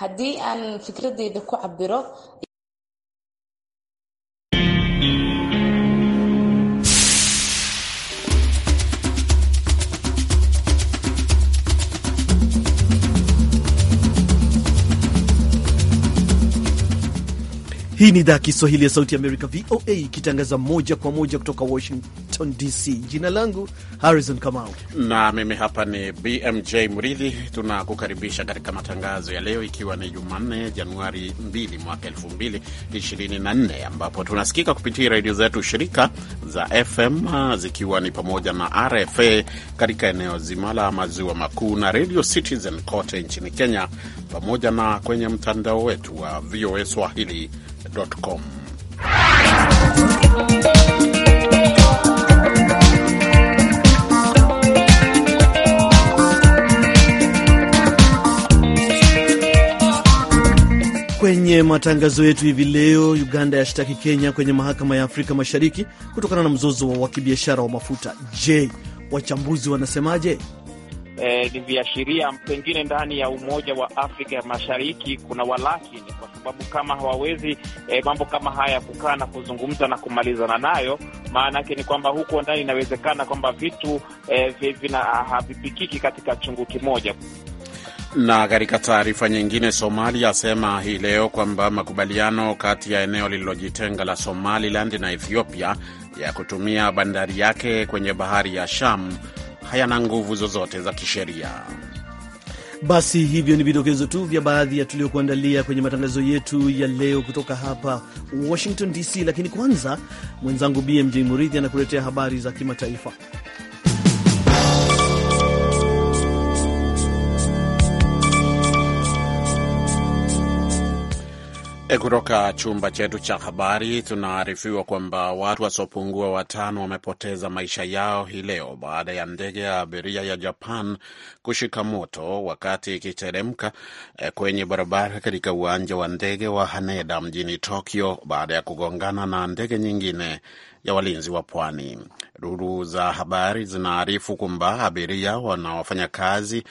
haddii aan fikradeyda ku cabiro Hii ni idhaa ya Kiswahili ya Sauti ya Amerika, VOA, ikitangaza moja kwa moja kutoka Washington DC. Jina langu Harrison Kamau na mimi hapa ni BMJ Mridhi. Tunakukaribisha katika matangazo ya leo, ikiwa ni Jumanne Januari 2 mwaka 2024, ambapo tunasikika kupitia redio zetu shirika za FM uh, zikiwa ni pamoja na RFA katika eneo zima la maziwa makuu na Radio Citizen kote nchini Kenya, pamoja na kwenye mtandao wetu wa VOA Swahili gmail.com. Kwenye matangazo yetu hivi leo, Uganda yashtaki Kenya kwenye mahakama ya Afrika Mashariki kutokana na mzozo wa kibiashara wa mafuta. Je, wachambuzi wanasemaje? eh, ni viashiria pengine ndani ya Umoja wa Afrika ya Mashariki kuna walakini, kwa sababu kama hawawezi eh, mambo kama haya kukaa na kuzungumza na kumalizana nayo, maana yake ni kwamba huko ndani inawezekana kwamba vitu eh, vina havipikiki katika chungu kimoja. Na katika taarifa nyingine, Somalia asema hii leo kwamba makubaliano kati ya eneo lililojitenga la Somaliland na Ethiopia ya kutumia bandari yake kwenye bahari ya Sham hayana nguvu zozote za kisheria. Basi hivyo ni vidokezo tu vya baadhi ya tuliokuandalia kwenye matangazo yetu ya leo kutoka hapa Washington DC, lakini kwanza mwenzangu BMJ Muridhi anakuletea habari za kimataifa. Eh, kutoka chumba chetu cha habari tunaarifiwa kwamba watu wasiopungua watano wamepoteza maisha yao hii leo baada ya ndege ya abiria ya Japan kushika moto wakati ikiteremka eh, kwenye barabara katika uwanja wa ndege wa Haneda mjini Tokyo baada ya kugongana na ndege nyingine ya walinzi wa pwani. Duru za habari zinaarifu kwamba abiria wanaofanya kazi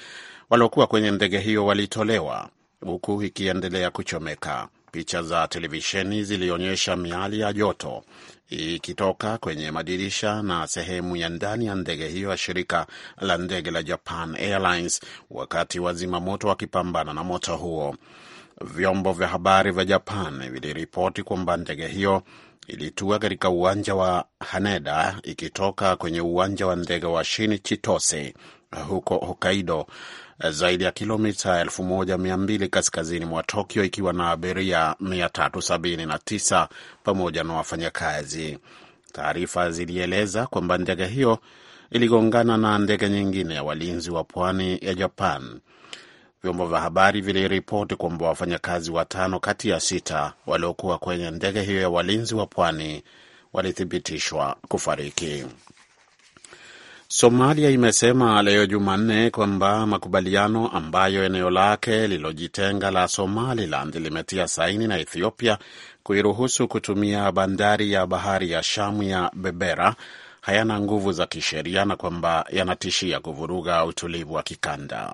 waliokuwa kwenye ndege hiyo walitolewa huku ikiendelea kuchomeka. Picha za televisheni zilionyesha miali ya joto ikitoka kwenye madirisha na sehemu ya ndani ya ndege hiyo ya shirika la ndege la Japan Airlines wakati moto wakipambana na moto huo. Vyombo vya habari vya Japan viliripoti kwamba ndege hiyo ilitua katika uwanja wa Haneda ikitoka kwenye uwanja wa ndege wa shini chitose huko Hokkaido, eh, zaidi ya kilomita 1200 kaskazini mwa Tokyo, ikiwa na abiria 379 pamoja na wafanyakazi. Taarifa zilieleza kwamba ndege hiyo iligongana na ndege nyingine ya walinzi wa pwani ya Japan. Vyombo vya habari viliripoti kwamba wafanyakazi watano kati ya sita waliokuwa kwenye ndege hiyo ya walinzi wa pwani walithibitishwa kufariki. Somalia imesema leo Jumanne kwamba makubaliano ambayo eneo lake lililojitenga la Somaliland limetia saini na Ethiopia kuiruhusu kutumia bandari ya bahari ya Shamu ya Berbera hayana nguvu za kisheria na kwamba yanatishia kuvuruga utulivu wa kikanda.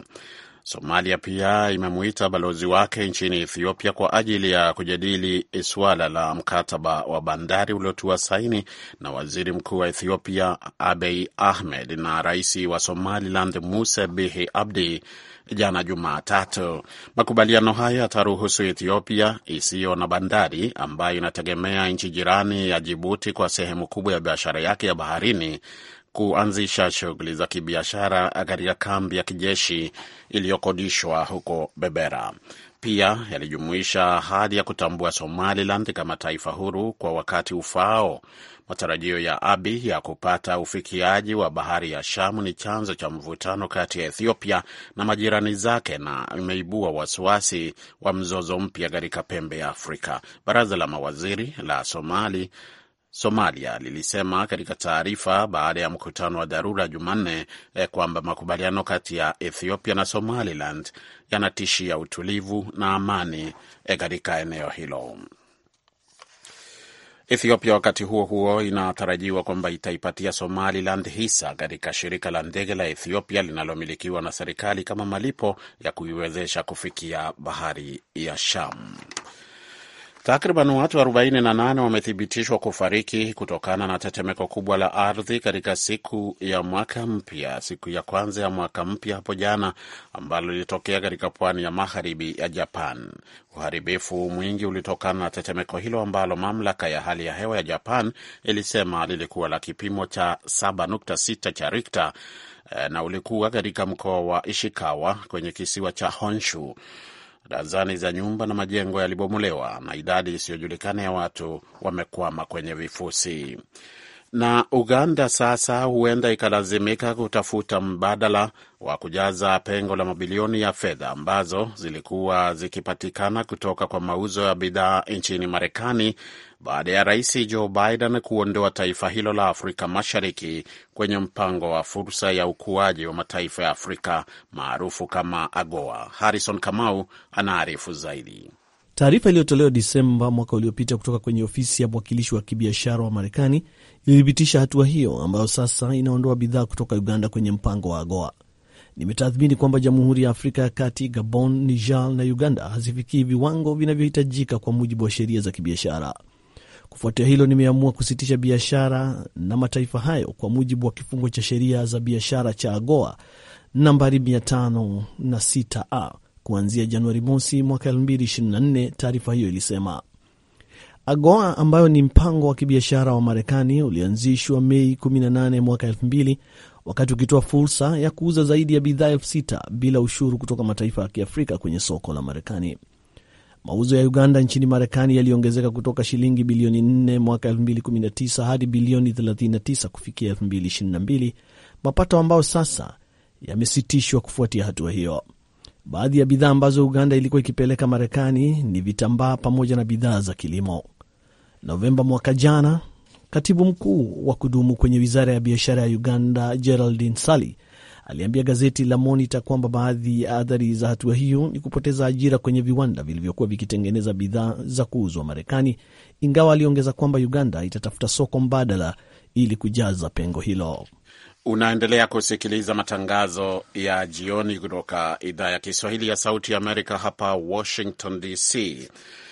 Somalia pia imemuita balozi wake nchini Ethiopia kwa ajili ya kujadili suala la mkataba wa bandari uliotiwa saini na waziri mkuu wa Ethiopia Abiy Ahmed na rais wa Somaliland Muse Bihi Abdi jana Jumatatu. Makubaliano hayo yataruhusu Ethiopia isiyo na bandari ambayo inategemea nchi jirani ya Jibuti kwa sehemu kubwa ya biashara yake ya baharini kuanzisha shughuli za kibiashara katika kambi ya kijeshi iliyokodishwa huko Bebera. Pia yalijumuisha ahadi ya kutambua Somaliland kama taifa huru kwa wakati ufaao. Matarajio ya Abi ya kupata ufikiaji wa bahari ya Shamu ni chanzo cha mvutano kati ya Ethiopia na majirani zake na imeibua wasiwasi wa mzozo mpya katika pembe ya Afrika. Baraza la mawaziri la Somali Somalia lilisema katika taarifa baada ya mkutano wa dharura Jumanne eh, kwamba makubaliano kati ya Ethiopia na Somaliland yanatishia utulivu na amani eh, katika eneo hilo. Ethiopia wakati huo huo inatarajiwa kwamba itaipatia Somaliland hisa katika shirika la ndege la Ethiopia linalomilikiwa na serikali kama malipo ya kuiwezesha kufikia bahari ya Shamu. Takriban watu 48 wamethibitishwa kufariki kutokana na tetemeko kubwa la ardhi katika siku ya mwaka mpya, siku ya kwanza ya mwaka mpya hapo jana, ambalo lilitokea katika pwani ya magharibi ya Japan. Uharibifu mwingi ulitokana na tetemeko hilo ambalo mamlaka ya hali ya hewa ya Japan ilisema lilikuwa la kipimo cha 7.6 cha rikta eh, na ulikuwa katika mkoa wa Ishikawa kwenye kisiwa cha Honshu. Dazani za nyumba na majengo yalibomolewa na idadi isiyojulikana ya watu wamekwama kwenye vifusi na Uganda sasa huenda ikalazimika kutafuta mbadala wa kujaza pengo la mabilioni ya fedha ambazo zilikuwa zikipatikana kutoka kwa mauzo ya bidhaa nchini Marekani baada ya Rais Joe Biden kuondoa taifa hilo la Afrika Mashariki kwenye mpango wa fursa ya ukuaji wa mataifa ya Afrika maarufu kama AGOA. Harrison Kamau anaarifu zaidi. Taarifa iliyotolewa Disemba mwaka uliopita kutoka kwenye ofisi ya mwakilishi wa kibiashara wa Marekani ilithibitisha hatua hiyo ambayo sasa inaondoa bidhaa kutoka Uganda kwenye mpango wa AGOA. Nimetathmini kwamba Jamhuri ya Afrika ya Kati, Gabon, Niger na Uganda hazifikii viwango vinavyohitajika kwa mujibu wa sheria za kibiashara. Kufuatia hilo, nimeamua kusitisha biashara na mataifa hayo kwa mujibu wa kifungo cha sheria za biashara cha AGOA nambari 506A kuanzia Januari mosi mwaka 2024, taarifa hiyo ilisema. AGOA ambayo ni mpango wa kibiashara wa Marekani ulianzishwa Mei 18 mwaka 2000 wakati ukitoa fursa ya kuuza zaidi ya bidhaa elfu sita bila ushuru kutoka mataifa ya Kiafrika kwenye soko la Marekani. Mauzo ya Uganda nchini Marekani yaliongezeka kutoka shilingi bilioni 4 mwaka 2019 hadi bilioni 39 kufikia 2022, mapato ambayo sasa yamesitishwa kufuatia hatua hiyo. Baadhi ya bidhaa ambazo Uganda ilikuwa ikipeleka Marekani ni vitambaa pamoja na bidhaa za kilimo. Novemba mwaka jana, katibu mkuu wa kudumu kwenye wizara ya biashara ya Uganda Geraldine Sali aliambia gazeti la Monitor kwamba baadhi ya athari za hatua hiyo ni kupoteza ajira kwenye viwanda vilivyokuwa vikitengeneza bidhaa za kuuzwa Marekani, ingawa aliongeza kwamba Uganda itatafuta soko mbadala ili kujaza pengo hilo. Unaendelea kusikiliza matangazo ya jioni kutoka idhaa ya Kiswahili ya Sauti ya Amerika, hapa Washington DC.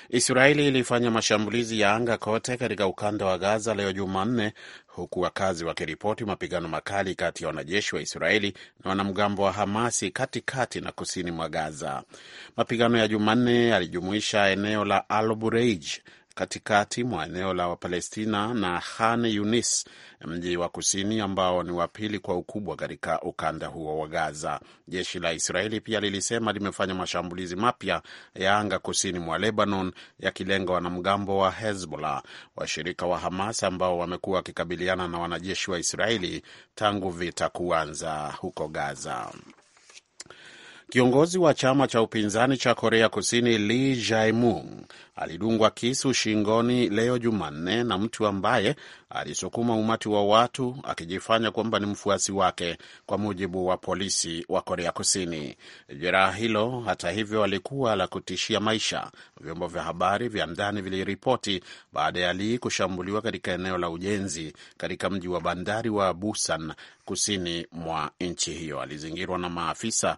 Israeli ilifanya mashambulizi ya anga kote katika ukanda wa Gaza leo Jumanne, huku wakazi wakiripoti mapigano makali kati ya wanajeshi wa Israeli na wanamgambo wa Hamasi katikati na kusini mwa Gaza. Mapigano ya Jumanne yalijumuisha eneo la Al Bureij katikati mwa eneo la Wapalestina na Khan Yunis, mji wa kusini ambao ni wa pili kwa ukubwa katika ukanda huo wa Gaza. Jeshi la Israeli pia lilisema limefanya mashambulizi mapya ya anga kusini mwa Lebanon, yakilenga wanamgambo wa Hezbollah, washirika wa Hamas ambao wamekuwa wakikabiliana na wanajeshi wa Israeli tangu vita kuanza huko Gaza. Kiongozi wa chama cha upinzani cha Korea Kusini Lee jae alidungwa kisu shingoni leo Jumanne na mtu ambaye alisukuma umati wa watu akijifanya kwamba ni mfuasi wake, kwa mujibu wa polisi wa Korea Kusini. Jeraha hilo hata hivyo alikuwa la kutishia maisha, vyombo vya habari vya ndani viliripoti baada ya Lee kushambuliwa katika eneo la ujenzi katika mji wa bandari wa Busan kusini mwa nchi hiyo. Alizingirwa na maafisa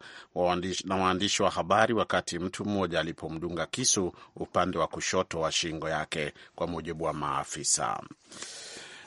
na waandishi wa habari wakati mtu mmoja alipomdunga kisu upande wa kushoto wa shingo yake, kwa mujibu wa maafisa.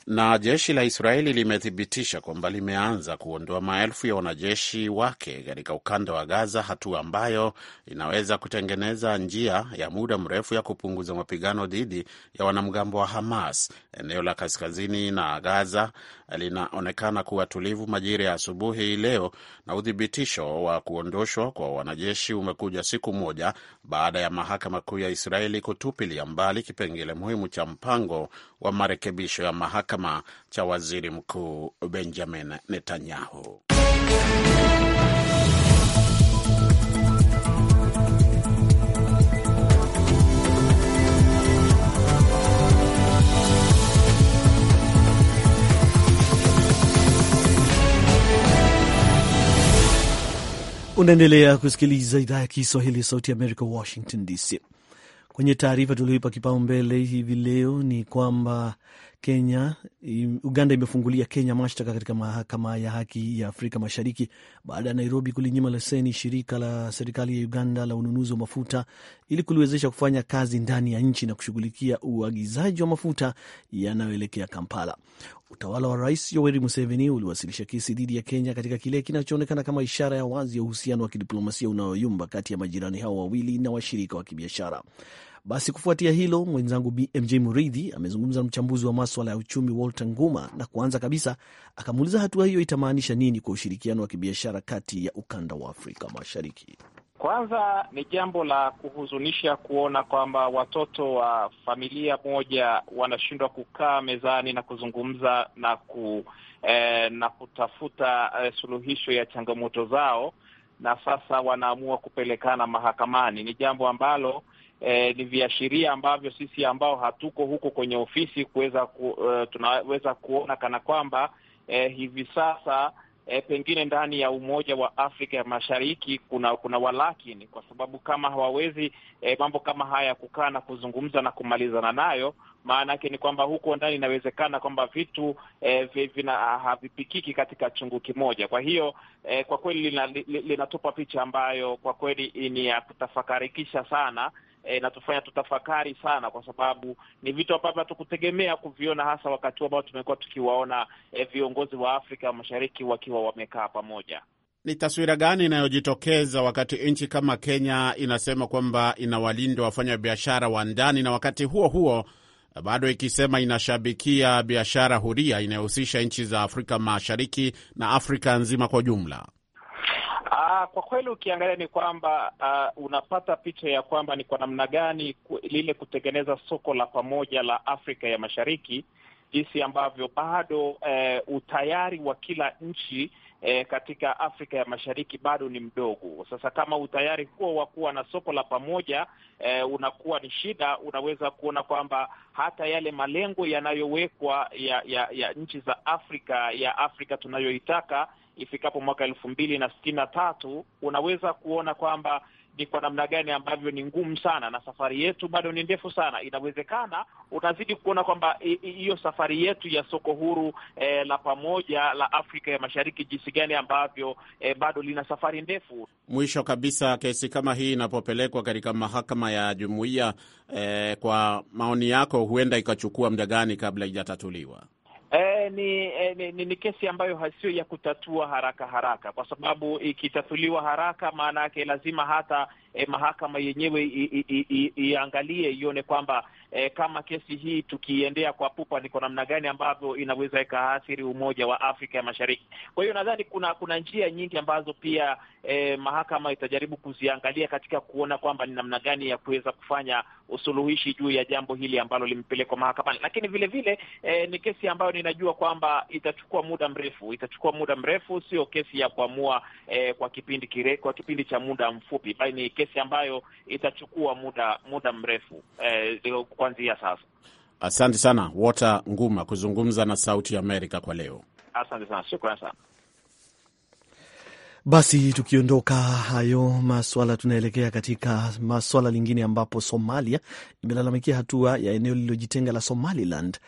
Na jeshi la Israeli limethibitisha kwamba limeanza kuondoa maelfu ya wanajeshi wake katika ukanda wa Gaza, hatua ambayo inaweza kutengeneza njia ya muda mrefu ya kupunguza mapigano dhidi ya wanamgambo wa Hamas. Eneo la kaskazini na Gaza linaonekana kuwa tulivu majira ya asubuhi hii leo, na uthibitisho wa kuondoshwa kwa wanajeshi umekuja siku moja baada ya mahakama kuu ya Israeli kutupilia mbali kipengele muhimu cha mpango wa marekebisho ya mahakama mahakama cha waziri mkuu Benjamin Netanyahu. Unaendelea kusikiliza idhaa ya Kiswahili ya Sauti ya Amerika, Washington DC. Kwenye taarifa tulioipa kipaumbele hivi leo ni kwamba Kenya, Uganda imefungulia Kenya mashtaka katika mahakama ya haki ya Afrika Mashariki baada ya Nairobi kulinyima leseni shirika la serikali ya Uganda la ununuzi wa mafuta ili kuliwezesha kufanya kazi ndani ya nchi na kushughulikia uagizaji wa mafuta yanayoelekea Kampala. Utawala wa Rais Yoweri Museveni uliwasilisha kesi dhidi ya Kenya katika kile kinachoonekana kama ishara ya wazi ya uhusiano wa kidiplomasia unayoyumba kati ya majirani hao wawili na washirika wa kibiashara. Basi kufuatia hilo, mwenzangu BMJ Muridhi amezungumza na mchambuzi wa maswala ya uchumi Walter Nguma, na kwanza kabisa akamuuliza hatua hiyo itamaanisha nini kwa ushirikiano wa kibiashara kati ya ukanda wa Afrika Mashariki. Kwanza ni jambo la kuhuzunisha kuona kwamba watoto wa familia moja wanashindwa kukaa mezani na kuzungumza na ku, eh, na kutafuta eh, suluhisho ya changamoto zao, na sasa wanaamua kupelekana mahakamani. Ni jambo ambalo eh, ni viashiria ambavyo sisi ambao hatuko huko kwenye ofisi kuweza ku, eh, tunaweza kuona kana kwamba eh, hivi sasa E, pengine ndani ya Umoja wa Afrika ya Mashariki kuna kuna walakini, kwa sababu kama hawawezi e, mambo kama haya kukaa na kuzungumza na kumalizana nayo maana yake ni kwamba huko ndani inawezekana kwamba vitu eh, vina havipikiki katika chungu kimoja. Kwa hiyo eh, kwa kweli linatupa lina picha ambayo kwa kweli ni ya kutafakarikisha sana, Eh, inatufanya e, tutafakari sana, kwa sababu ni vitu ambavyo hatukutegemea kuviona, hasa wakati ambao tumekuwa tukiwaona e, viongozi wa Afrika Mashariki wakiwa wamekaa pamoja. Ni taswira gani inayojitokeza wakati nchi kama Kenya inasema kwamba inawalinda wafanya biashara wa ndani na wakati huo huo eh, bado ikisema inashabikia biashara huria inayohusisha nchi za Afrika Mashariki na Afrika nzima kwa jumla? Ah, kwa kweli ukiangalia ni kwamba uh, unapata picha ya kwamba ni kwa namna gani lile kutengeneza soko la pamoja la Afrika ya Mashariki, jinsi ambavyo bado uh, utayari wa kila nchi eh, katika Afrika ya Mashariki bado ni mdogo. Sasa kama utayari huo wa kuwa na soko la pamoja eh, unakuwa ni shida, unaweza kuona kwamba hata yale malengo yanayowekwa ya, ya, ya nchi za Afrika ya Afrika tunayoitaka ifikapo mwaka elfu mbili na sitini na tatu unaweza kuona kwamba ni kwa namna gani ambavyo ni ngumu sana, na safari yetu bado ni ndefu sana. Inawezekana utazidi kuona kwamba hiyo safari yetu ya soko huru eh, la pamoja la Afrika ya Mashariki, jinsi gani ambavyo eh, bado lina safari ndefu. Mwisho kabisa, kesi kama hii inapopelekwa katika mahakama ya jumuiya, eh, kwa maoni yako, huenda ikachukua muda gani kabla ijatatuliwa? eh, ni, eh, ni, ni, ni kesi ambayo sio ya kutatua haraka haraka, kwa sababu ikitatuliwa haraka maana yake lazima hata eh, mahakama yenyewe iangalie ione kwamba eh, kama kesi hii tukiendea kwa pupa ni kwa namna gani ambavyo inaweza ikaathiri umoja wa Afrika ya Mashariki. Kwa hiyo nadhani kuna kuna njia nyingi ambazo pia eh, mahakama itajaribu kuziangalia katika kuona kwamba ni namna gani ya kuweza kufanya usuluhishi juu ya jambo hili ambalo limepelekwa mahakamani, lakini vile vile eh, ni kesi ambayo ninajua kwamba itachukua muda mrefu, itachukua muda mrefu, sio kesi ya kuamua eh, kwa kipindi kire, kwa kipindi cha muda mfupi bali ni kesi ambayo itachukua muda muda mrefu eh, kuanzia sasa. Asante sana Walter Nguma kuzungumza na Sauti ya Amerika kwa leo. Asante sana, shukran sana. Basi tukiondoka hayo maswala, tunaelekea katika maswala lingine ambapo Somalia imelalamikia hatua ya eneo lililojitenga la Somaliland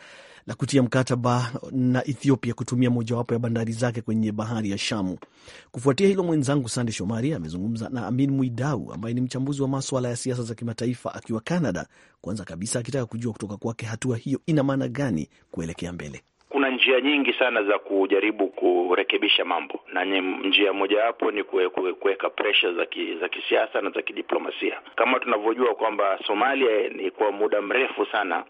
la kutia mkataba na Ethiopia kutumia mojawapo ya bandari zake kwenye bahari ya Shamu. Kufuatia hilo, mwenzangu Sande Shomari amezungumza na Amin Mwidau ambaye ni mchambuzi wa maswala ya siasa za kimataifa akiwa Canada, kwanza kabisa akitaka kujua kutoka kwake hatua hiyo ina maana gani kuelekea mbele. Kuna njia nyingi sana za kujaribu kurekebisha mambo, na njia mojawapo ni kuweka presha za ki, za kisiasa na za kidiplomasia. Kama tunavyojua kwamba Somalia ni kwa muda mrefu sana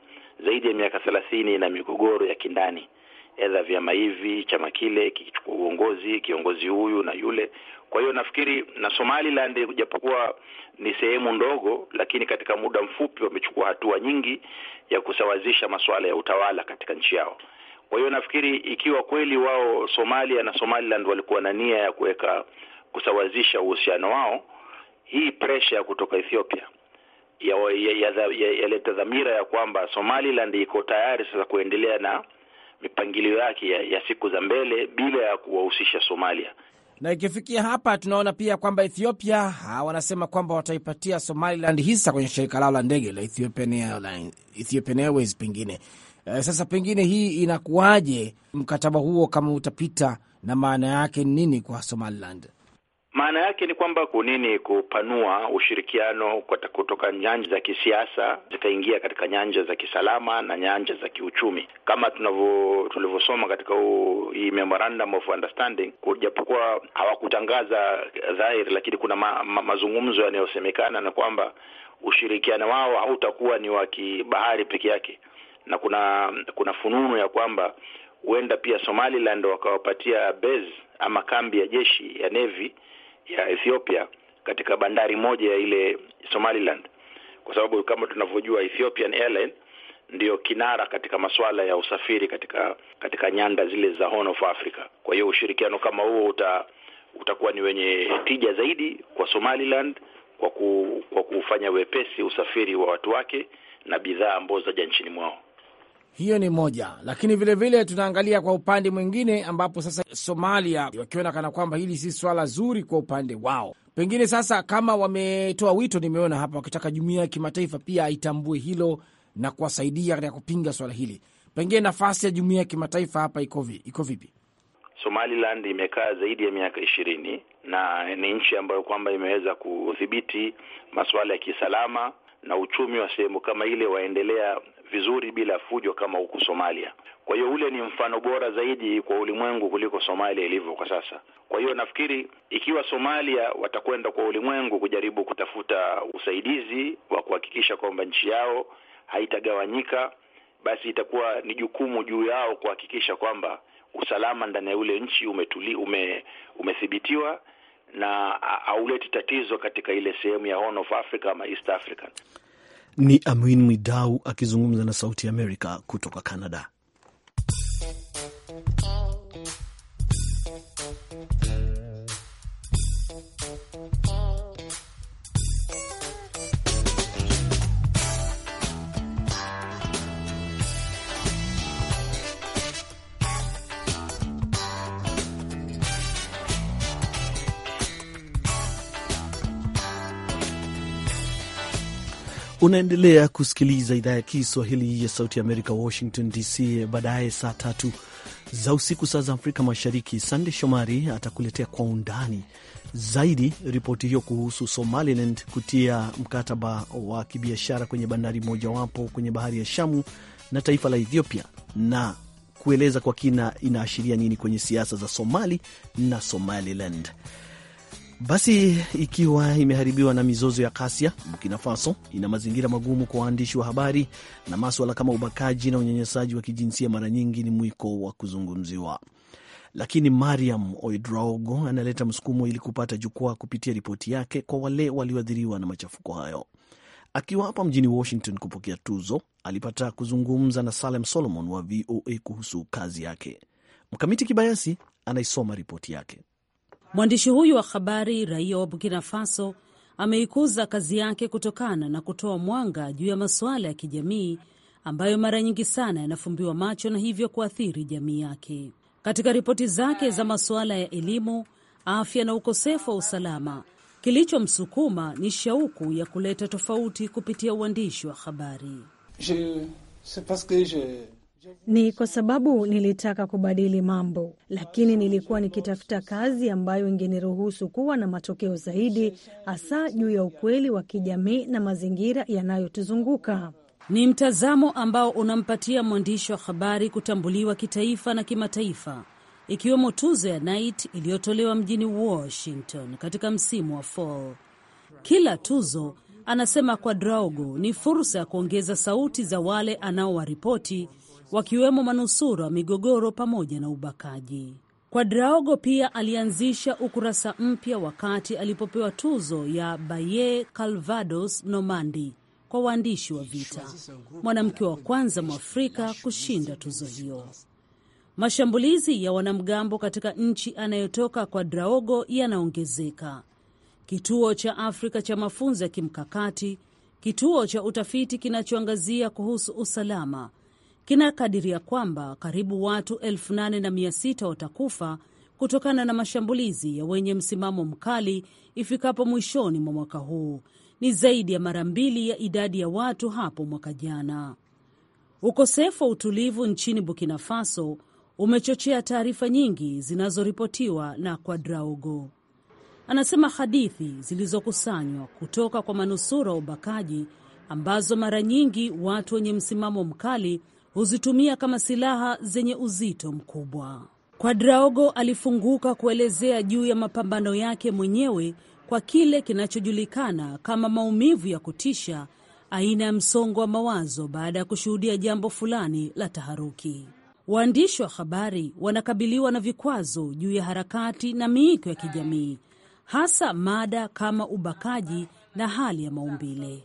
zaidi ya miaka thelathini na migogoro ya kindani, edha vyama hivi chama kile kikichukua uongozi, kiongozi huyu na yule. Kwa hiyo nafikiri na Somaliland, japokuwa ni sehemu ndogo, lakini katika muda mfupi wamechukua hatua nyingi ya kusawazisha masuala ya utawala katika nchi yao. Kwa hiyo nafikiri ikiwa kweli wao Somalia na Somaliland walikuwa na nia ya kuweka kusawazisha uhusiano wao, hii presha ya kutoka Ethiopia ya, ya, ya, ya, yaleta dhamira ya kwamba Somaliland iko tayari sasa kuendelea na mipangilio yake ya, ya siku za mbele bila ya kuwahusisha Somalia. Na ikifikia hapa, tunaona pia kwamba Ethiopia ha, wanasema kwamba wataipatia Somaliland hisa kwenye shirika lao la ndege la Ethiopian Airlines, Ethiopian Airways pengine. E, sasa pengine hii inakuwaje mkataba huo kama utapita, na maana yake nini kwa Somaliland? Maana yake ni kwamba kunini kupanua ushirikiano kutoka nyanja za kisiasa zikaingia katika nyanja za kisalama na nyanja za kiuchumi, kama tunavyo tulivyosoma katika huu hii memorandum of understanding. Kujapokuwa hawakutangaza dhahiri, lakini kuna ma, ma, mazungumzo yanayosemekana na kwamba ushirikiano wao hautakuwa ni wa kibahari peke yake, na kuna kuna fununu ya kwamba huenda pia Somaliland wakawapatia base ama kambi ya jeshi ya nevi ya Ethiopia katika bandari moja ya ile Somaliland, kwa sababu kama tunavyojua Ethiopian Airlines ndiyo kinara katika masuala ya usafiri katika katika nyanda zile za Horn of Africa. Kwa hiyo ushirikiano kama huo uta, utakuwa ni wenye tija zaidi kwa Somaliland kwa ku, kwa kufanya wepesi usafiri wa watu wake na bidhaa ambazo zaja nchini mwao. Hiyo ni moja, lakini vilevile vile tunaangalia kwa upande mwingine, ambapo sasa Somalia wakiona kana kwamba hili si swala zuri kwa upande wao, pengine sasa kama wametoa wito, nimeona hapa wakitaka jumuiya ya kimataifa pia aitambue hilo na kuwasaidia katika kupinga swala hili, pengine nafasi ya jumuiya ya kimataifa hapa iko iko vipi? Somaliland imekaa zaidi ya miaka ishirini na ni nchi ambayo kwamba imeweza kudhibiti masuala ya kisalama na uchumi wa sehemu kama ile waendelea vizuri bila fujo kama huku Somalia. Kwa hiyo ule ni mfano bora zaidi kwa ulimwengu kuliko Somalia ilivyo kwa sasa. Kwa hiyo nafikiri ikiwa Somalia watakwenda kwa ulimwengu kujaribu kutafuta usaidizi wa kuhakikisha kwamba nchi yao haitagawanyika, basi itakuwa ni jukumu juu yao kuhakikisha kwamba usalama ndani ya ule nchi umetuli, ume, umethibitiwa na hauleti tatizo katika ile sehemu ya Horn of Africa ama East Africa. Ni Amin Mwidau akizungumza na Sauti Amerika kutoka Canada. Unaendelea kusikiliza idhaa ya Kiswahili ya Sauti Amerika, Washington DC. Baadaye saa tatu za usiku, saa za Afrika Mashariki, Sande Shomari atakuletea kwa undani zaidi ripoti hiyo kuhusu Somaliland kutia mkataba wa kibiashara kwenye bandari mojawapo kwenye bahari ya Shamu na taifa la Ethiopia na kueleza kwa kina inaashiria nini kwenye siasa za Somali na Somaliland. Basi ikiwa imeharibiwa na mizozo ya kasia, Burkina Faso ina mazingira magumu kwa waandishi wa habari na maswala kama ubakaji na unyanyasaji wa kijinsia mara nyingi ni mwiko wa kuzungumziwa. Lakini Mariam Oidrogo analeta msukumo ili kupata jukwaa kupitia ripoti yake kwa wale walioathiriwa na machafuko hayo. Akiwa hapa mjini Washington kupokea tuzo, alipata kuzungumza na Salem Solomon wa VOA kuhusu kazi yake. Mkamiti Kibayasi anaisoma ripoti yake. Mwandishi huyu wa habari raia wa Burkina Faso ameikuza kazi yake kutokana na kutoa mwanga juu ya masuala ya kijamii ambayo mara nyingi sana yanafumbiwa macho na hivyo kuathiri jamii yake. Katika ripoti zake za masuala ya elimu, afya na ukosefu wa usalama, kilichomsukuma ni shauku ya kuleta tofauti kupitia uandishi wa habari. Je, ni kwa sababu nilitaka kubadili mambo, lakini nilikuwa nikitafuta kazi ambayo ingeniruhusu kuwa na matokeo zaidi, hasa juu ya ukweli wa kijamii na mazingira yanayotuzunguka. Ni mtazamo ambao unampatia mwandishi wa habari kutambuliwa kitaifa na kimataifa, ikiwemo tuzo ya Knight iliyotolewa mjini Washington katika msimu wa fall. Kila tuzo, anasema kwa draugo ni fursa ya kuongeza sauti za wale anaowaripoti wakiwemo manusura migogoro pamoja na ubakaji. Quadraogo pia alianzisha ukurasa mpya wakati alipopewa tuzo ya Baye Calvados Nomandi kwa waandishi wa vita, mwanamke wa kwanza mwafrika kushinda tuzo hiyo. Mashambulizi ya wanamgambo katika nchi anayotoka Quadraogo yanaongezeka. Kituo cha Afrika cha mafunzo ya kimkakati, kituo cha utafiti kinachoangazia kuhusu usalama kinakadiria kwamba karibu watu 8600 watakufa kutokana na mashambulizi ya wenye msimamo mkali ifikapo mwishoni mwa mwaka huu. Ni zaidi ya mara mbili ya idadi ya watu hapo mwaka jana. Ukosefu wa utulivu nchini Burkina Faso umechochea taarifa nyingi zinazoripotiwa na Kwadraogo. Anasema hadithi zilizokusanywa kutoka kwa manusura wa ubakaji ambazo mara nyingi watu wenye msimamo mkali huzitumia kama silaha zenye uzito mkubwa. Quadraogo alifunguka kuelezea juu ya mapambano yake mwenyewe kwa kile kinachojulikana kama maumivu ya kutisha, aina ya msongo wa mawazo baada ya kushuhudia jambo fulani la taharuki. Waandishi wa habari wanakabiliwa na vikwazo juu ya harakati na miiko ya kijamii, hasa mada kama ubakaji na hali ya maumbile.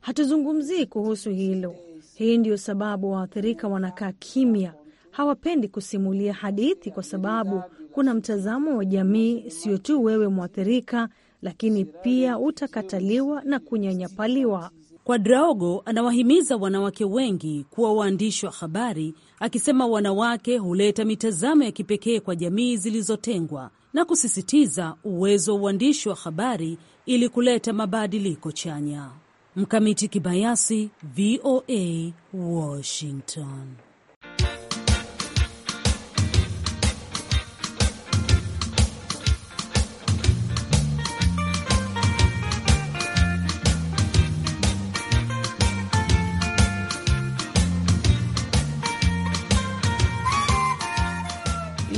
Hatuzungumzii kuhusu hilo. Hii ndiyo sababu waathirika wanakaa kimya, hawapendi kusimulia hadithi, kwa sababu kuna mtazamo wa jamii, sio tu wewe mwathirika, lakini pia utakataliwa na kunyanyapaliwa. Kwadraogo anawahimiza wanawake wengi kuwa waandishi wa habari, akisema wanawake huleta mitazamo ya kipekee kwa jamii zilizotengwa na kusisitiza uwezo wa uandishi wa habari ili kuleta mabadiliko chanya. Mkamiti Kibayasi, VOA, Washington.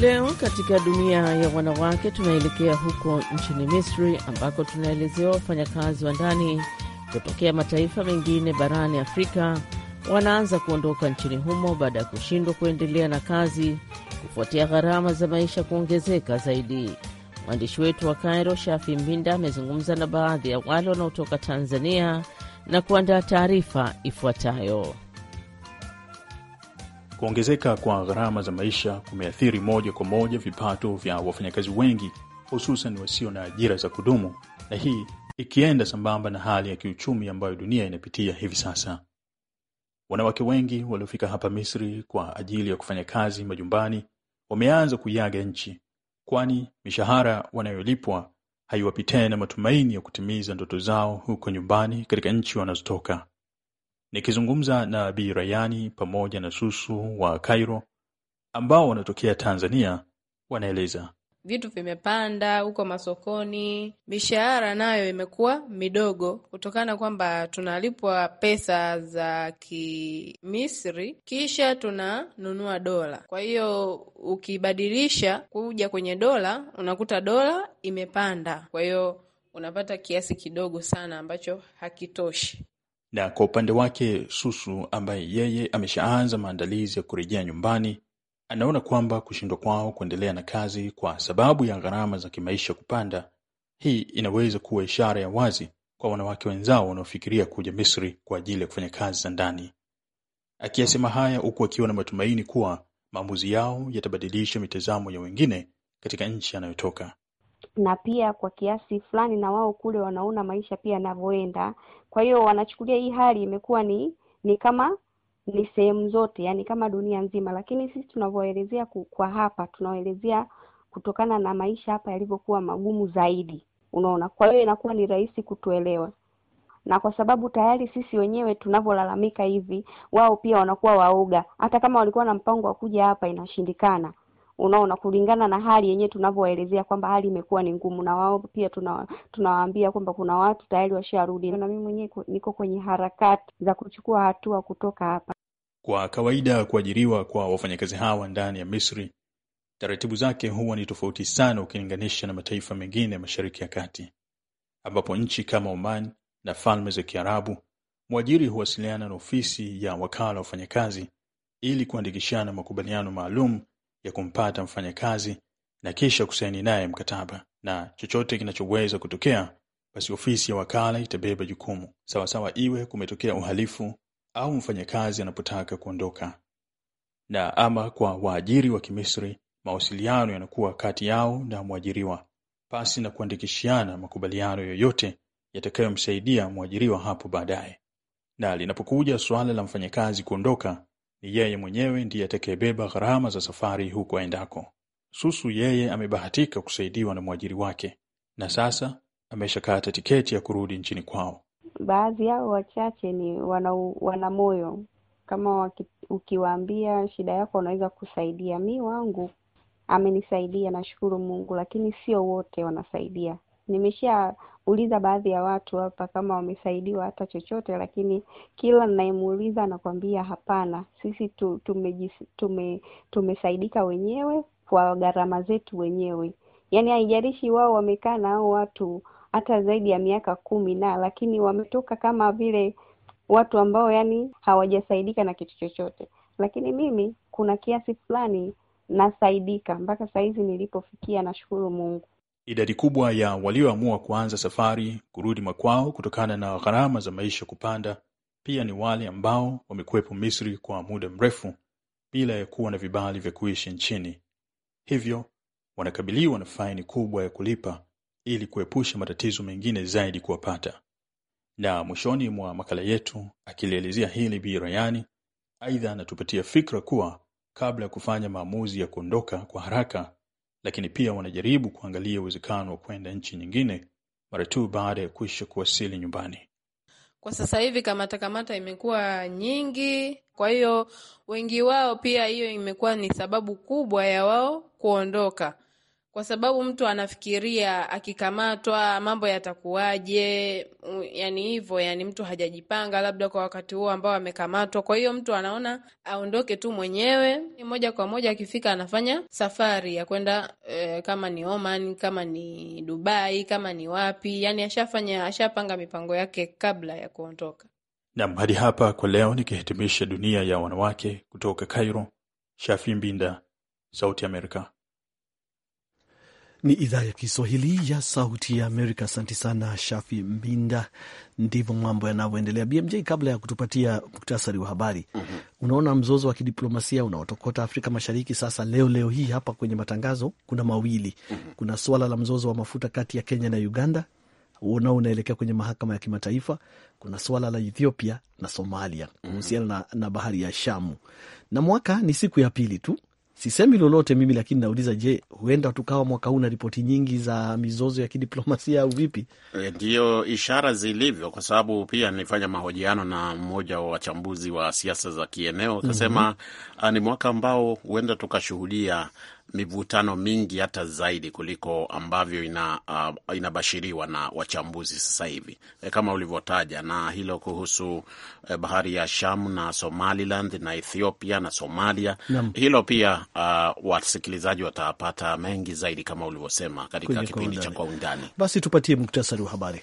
Leo katika dunia ya wanawake tunaelekea huko nchini Misri ambako tunaelezewa wafanyakazi wa ndani kutokea mataifa mengine barani Afrika wanaanza kuondoka nchini humo baada ya kushindwa kuendelea na kazi kufuatia gharama za maisha kuongezeka zaidi. Mwandishi wetu wa Kairo, Shafi Mbinda, amezungumza na baadhi ya wale wanaotoka Tanzania na kuandaa taarifa ifuatayo. Kuongezeka kwa gharama za maisha kumeathiri moja kwa moja vipato vya wafanyakazi wengi, hususan wasio na ajira za kudumu, na hii ikienda sambamba na hali ya kiuchumi ambayo dunia inapitia hivi sasa. Wanawake wengi waliofika hapa Misri kwa ajili ya kufanya kazi majumbani wameanza kuiaga nchi, kwani mishahara wanayolipwa haiwapi tena matumaini ya kutimiza ndoto zao huko nyumbani katika nchi wanazotoka. Nikizungumza na Bi Rayani pamoja na Susu wa cairo ambao wanatokea Tanzania, wanaeleza vitu vimepanda huko masokoni, mishahara nayo imekuwa midogo kutokana kwamba tunalipwa pesa za Kimisri kisha tunanunua dola. Kwa hiyo ukibadilisha kuja kwenye dola, unakuta dola imepanda, kwa hiyo unapata kiasi kidogo sana ambacho hakitoshi. Na kwa upande wake Susu, ambaye yeye ameshaanza maandalizi ya kurejea nyumbani anaona kwamba kushindwa kwao kuendelea na kazi kwa sababu ya gharama za kimaisha kupanda, hii inaweza kuwa ishara ya wazi kwa wanawake wenzao wanaofikiria kuja Misri kwa ajili ya kufanya kazi za ndani. Akiyasema haya huku akiwa na matumaini kuwa maamuzi yao yatabadilisha mitazamo ya wengine katika nchi anayotoka na pia kwa kiasi fulani na wao kule wanaona maisha pia yanavyoenda. Kwa hiyo wanachukulia hii hali imekuwa ni ni kama ni sehemu zote, yani kama dunia nzima, lakini sisi tunavyoelezea kwa hapa, tunaoelezea kutokana na maisha hapa yalivyokuwa magumu zaidi, unaona. Kwa hiyo inakuwa ni rahisi kutuelewa, na kwa sababu tayari sisi wenyewe tunavyolalamika hivi, wao pia wanakuwa waoga. Hata kama walikuwa na mpango wa kuja hapa, inashindikana unaona, kulingana na hali yenyewe tunavyowaelezea kwamba hali imekuwa ni ngumu, na wao pia tuna kwamba kuna watu tayari washarudi, na mimi mwenyewe niko kwenye harakati za kuchukua hatua kutoka hapa. Kwa kawaida kuajiriwa kwa wafanyakazi hawa ndani ya Misri taratibu zake huwa ni tofauti sana ukilinganisha na mataifa mengine Mashariki ya Kati, ambapo nchi kama Oman na Falme za Kiarabu mwajiri huwasiliana na ofisi ya wakala wafanyakazi ili kuandikishana makubaliano maalum ya kumpata mfanyakazi na kisha kusaini naye mkataba, na chochote kinachoweza kutokea, basi ofisi ya wakala itabeba jukumu sawasawa, iwe kumetokea uhalifu au mfanyakazi anapotaka kuondoka. Na ama kwa waajiri wa Kimisri, mawasiliano yanakuwa kati yao na mwajiriwa pasi na kuandikishiana makubaliano yoyote yatakayomsaidia mwajiriwa hapo baadaye. Na linapokuja suala la mfanyakazi kuondoka, ni yeye mwenyewe ndiye atakayebeba gharama za safari huko aendako. Susu yeye amebahatika kusaidiwa na mwajiri wake, na sasa ameshakata tiketi ya kurudi nchini kwao. Baadhi yao wachache ni wana, wana moyo kama ukiwaambia shida yako wanaweza kusaidia. Mi wangu amenisaidia, nashukuru Mungu, lakini sio wote wanasaidia nimeshauliza baadhi ya watu hapa kama wamesaidiwa hata chochote, lakini kila ninayemuuliza anakwambia hapana, sisi tu, tume, tume, tumesaidika wenyewe kwa gharama zetu wenyewe. Yaani haijarishi wao wamekaa na hao watu hata zaidi ya miaka kumi na lakini wametoka kama vile watu ambao yani hawajasaidika na kitu chochote, lakini mimi kuna kiasi fulani nasaidika mpaka saa hizi nilipofikia, nashukuru Mungu. Idadi kubwa ya walioamua kuanza safari kurudi makwao kutokana na gharama za maisha kupanda pia ni wale ambao wamekuwepo Misri kwa muda mrefu bila ya kuwa na vibali vya kuishi nchini, hivyo wanakabiliwa na faini kubwa ya kulipa ili kuepusha matatizo mengine zaidi kuwapata. Na mwishoni mwa makala yetu akilielezea hili Bi Rayani aidha anatupatia fikra kuwa kabla ya kufanya maamuzi ya kuondoka kwa haraka lakini pia wanajaribu kuangalia uwezekano wa kwenda nchi nyingine mara tu baada ya kuisha kuwasili nyumbani. Kwa sasa hivi kamatakamata imekuwa nyingi, kwa hiyo wengi wao pia, hiyo imekuwa ni sababu kubwa ya wao kuondoka kwa sababu mtu anafikiria akikamatwa mambo yatakuwaje, yani hivyo, yani mtu hajajipanga labda kwa wakati huo ambao amekamatwa. Kwa hiyo mtu anaona aondoke tu mwenyewe moja kwa moja, akifika anafanya safari ya kwenda e, kama ni Oman, kama ni Dubai, kama ni wapi, yani ashafanya, ashapanga mipango yake kabla ya kuondoka. Nam, hadi hapa kwa leo, nikihitimisha dunia ya wanawake kutoka Cairo, Shafi Mbinda, Sauti Amerika. Ni idhaa ya Kiswahili ya Sauti ya Amerika. Asante sana Shafi Mbinda. Ndivyo mambo yanavyoendelea. BMJ, kabla ya kutupatia muktasari wa habari mm -hmm. Unaona mzozo wa kidiplomasia unaotokota Afrika Mashariki sasa, leo leo hii hapa kwenye matangazo kuna mawili mm -hmm. Kuna suala la mzozo wa mafuta kati ya Kenya na Uganda, nao unaelekea kwenye mahakama ya kimataifa. Kuna suala la Ethiopia na Somalia mhm. kuhusiana mm -hmm. na, na bahari ya Shamu, na mwaka ni siku ya pili tu sisemi lolote mimi, lakini nauliza, je, huenda tukawa mwaka huu na ripoti nyingi za mizozo ya kidiplomasia au vipi? Eh, ndiyo ishara zilivyo, kwa sababu pia nilifanya mahojiano na mmoja wa wachambuzi wa siasa za kieneo akasema, mm -hmm. ni mwaka ambao huenda tukashuhudia mivutano mingi hata zaidi kuliko ambavyo ina, uh, inabashiriwa na wachambuzi sasa hivi e, kama ulivyotaja na hilo kuhusu eh, bahari ya Shamu na Somaliland na Ethiopia na Somalia Nam. hilo pia uh, wasikilizaji watapata mengi zaidi kama ulivyosema katika kipindi cha Kwa Undani. Basi tupatie muktasari wa habari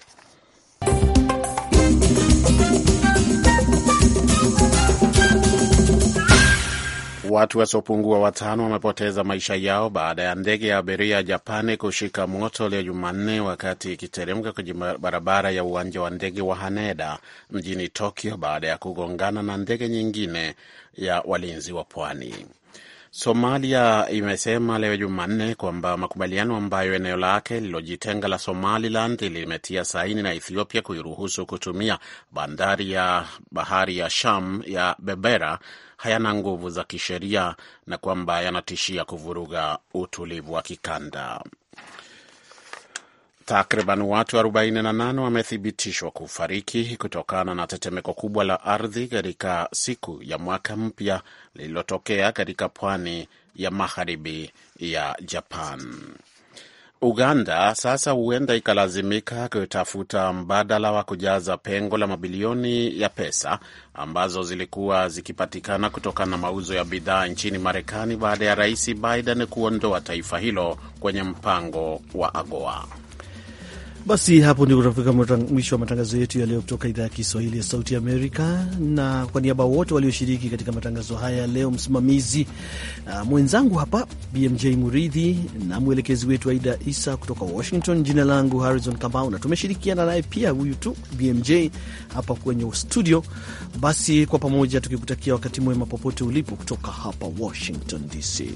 Watu wasiopungua watano wamepoteza maisha yao baada ya ndege ya abiria ya Japani kushika moto leo Jumanne wakati ikiteremka kwenye barabara ya uwanja wa ndege wa Haneda mjini Tokyo baada ya kugongana na ndege nyingine ya walinzi wa pwani. Somalia imesema leo Jumanne kwamba makubaliano ambayo eneo lake lililojitenga la Somaliland limetia saini na Ethiopia kuiruhusu kutumia bandari ya bahari ya Sham ya Berbera hayana nguvu za kisheria na kwamba yanatishia kuvuruga utulivu wa kikanda. Takriban watu 48 wamethibitishwa kufariki kutokana na tetemeko kubwa la ardhi katika siku ya mwaka mpya lililotokea katika pwani ya magharibi ya Japan. Uganda sasa huenda ikalazimika kutafuta mbadala wa kujaza pengo la mabilioni ya pesa ambazo zilikuwa zikipatikana kutokana na mauzo ya bidhaa nchini Marekani baada ya Rais Biden kuondoa taifa hilo kwenye mpango wa AGOA. Basi hapo ndio tunafika mwisho wa matangazo yetu ya leo kutoka idhaa ya Kiswahili ya Sauti Amerika, na kwa niaba wote walioshiriki katika matangazo haya leo, msimamizi uh, mwenzangu hapa BMJ Muridhi na mwelekezi wetu Aida Isa kutoka Washington. Jina langu Harrison Kamau na tumeshirikiana naye pia huyu tu BMJ hapa kwenye studio. Basi kwa pamoja tukikutakia wakati mwema popote ulipo kutoka hapa Washington DC.